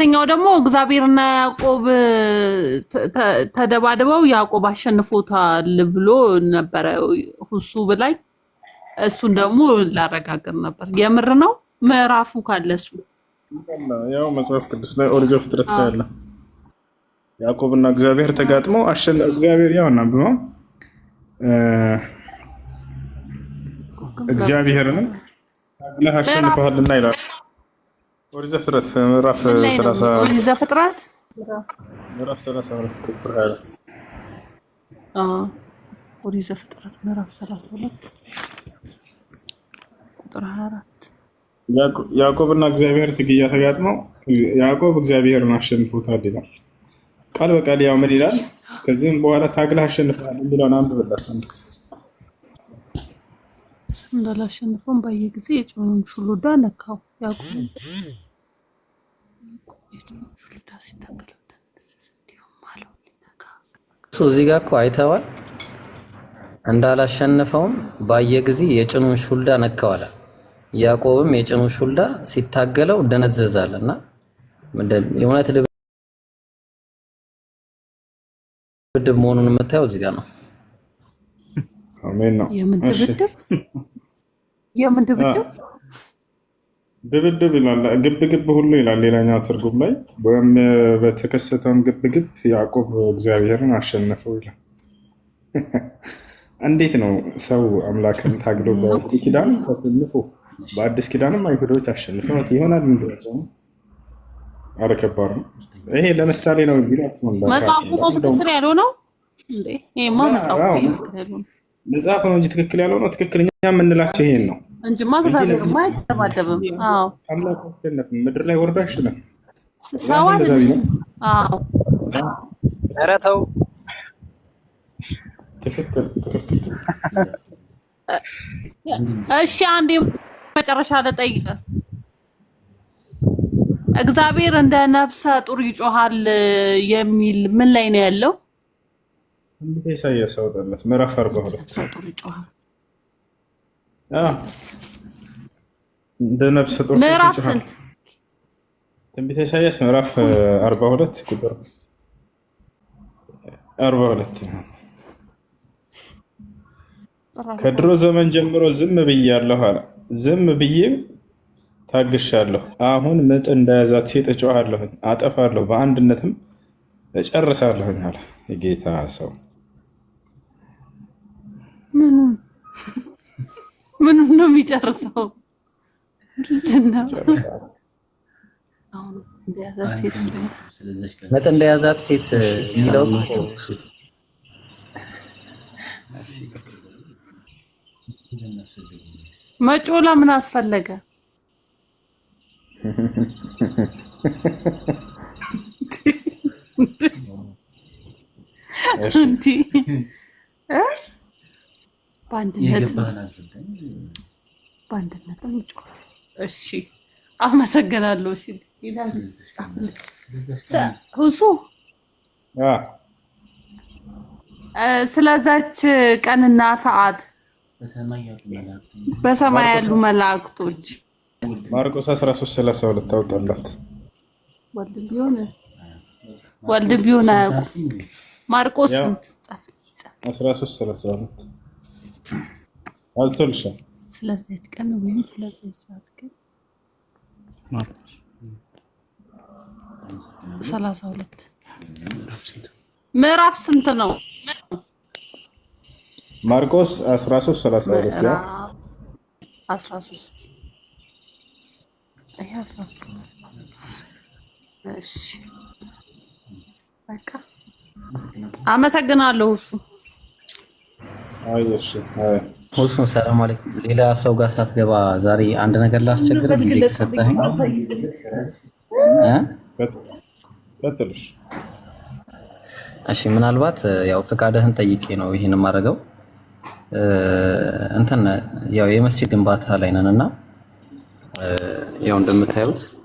ሁለተኛው ደግሞ እግዚአብሔርና ያዕቆብ ተደባድበው ያዕቆብ አሸንፎታል ብሎ ነበረ ሁሱ ብላይ እሱን ደግሞ ላረጋግር ነበር። የምር ነው ምዕራፉ ካለ እሱ ያው መጽሐፍ ቅዱስ ላይ ኦሪት ዘፍጥረት ላይ አለ። ያዕቆብና እግዚአብሔር ተጋጥመው አሸን እግዚአብሔር ያው እናብበው እግዚአብሔርንም አግለህ አሸንፈሃልና ይላል ኦሪት ዘፍጥረት ምዕራፍ 30 ኦሪት ዘፍጥረት ምዕራፍ 32 ቁጥር 24 አዎ ኦሪት ዘፍጥረት ምዕራፍ 32 ቁጥር 24 ያዕቆብና እግዚአብሔር ትግያ ተጋጥመው ያዕቆብ እግዚአብሔርን አሸንፎታል ይላል። ቃል በቃል ያው ምን ይላል? ከዚህም በኋላ ታግለህ አሸንፈሃል የሚለውን አንድ በላት አንድ እንዳላሸንፈውም ባየ ጊዜ የጭኑን ሹሉዳ ነካው ያዕቆብ እዚህ ጋር እኮ አይተዋል። እንዳላሸነፈውም ባየ ጊዜ የጭኑን ሹልዳ ነከዋለ ያዕቆብም የጭኑን ሹልዳ ሲታገለው ደነዘዛል እና የእውነት ድብድብ መሆኑን የምታየው እዚህ ጋር ነው። የምን ድብድብ የምን ድብድብ ድብድብ ይላል፣ ግብግብ ሁሉ ይላል። ሌላኛው ትርጉም ላይ ወይም በተከሰተውም ግብግብ ያዕቆብ እግዚአብሔርን አሸነፈው ይላል። እንዴት ነው ሰው አምላክን ታግሎ በአዲስ ኪዳን ተሸንፎ በአዲስ ኪዳንም አይሁዶች አሸንፈው ይሆናል። ኧረ ከባድ ነው ይሄ። ለምሳሌ ነው መጽሐፉ ነው ትክክል ያልሆነው መጽሐፉ ነው እንጂ ትክክል ያልሆነው ትክክለኛ የምንላቸው ይሄን ነው እንጂማ እግዚአብሔርማ አይደባደብም። አዎ አምላክ አሸነፍም ምድር ላይ ወርዶ አሸነፍ ሰው አይደለም። አዎ ኧረ ተው እሺ አንዴ መጨረሻ ልጠይቅ። እግዚአብሔር እንደ ነፍሰ ጡር ይጮሃል የሚል ምን ላይ ነው ያለው? እንዴት ኢሳይያስ አወጣለት ምዕራፍ 42 ነፍሰ ጡር ይጮሃል እንደነፍሰ ጡር ምዕራፍ ስንት? ትንቢተ ኢሳያስ ምዕራፍ ቁጥር ከድሮ ዘመን ጀምሮ ዝም ብያለሁ አለ። ዝም ብዬም ታግሻለሁ። አሁን ምጥ እንደያዛት ሴት እጮሃለሁኝ፣ አጠፋለሁ፣ በአንድነትም እጨርሳለሁኝ አለ የጌታ ሰው ምኑን ነው የሚጨርሰው? ምጥ እንደያዛት ሴት የሚለው መጮላ ምን አስፈለገ? እንዲህ በአንድነት በአንድነት እንጮ እሺ፣ አመሰግናለሁ ሲል ስለዛች ቀንና ሰዓት በሰማይ ያሉ መላእክቶች ማርቆስ 13 32 ታውጣላት ወልድ ቢሆነ ማርቆስ ስንት 13 32 አልሰልሻል። ቀን ወይም ስለዚያች ሰዓት ግን ሰላሳ ሁለት ምዕራፍ ስንት ነው? ማርቆስ ይሄ እሺ፣ በቃ አመሰግናለሁ እሱ ሁሱን ሰላም አለይኩም። ሌላ ሰው ጋር ሳትገባ ዛሬ አንድ ነገር ላስቸግር ጊዜ ከሰጠኸኝ እሺ። ምናልባት ያው ፍቃድህን ጠይቄ ነው ይህን የማደርገው። እንትን ያው የመስጂድ ግንባታ ላይ ነን እና ያው እንደምታዩት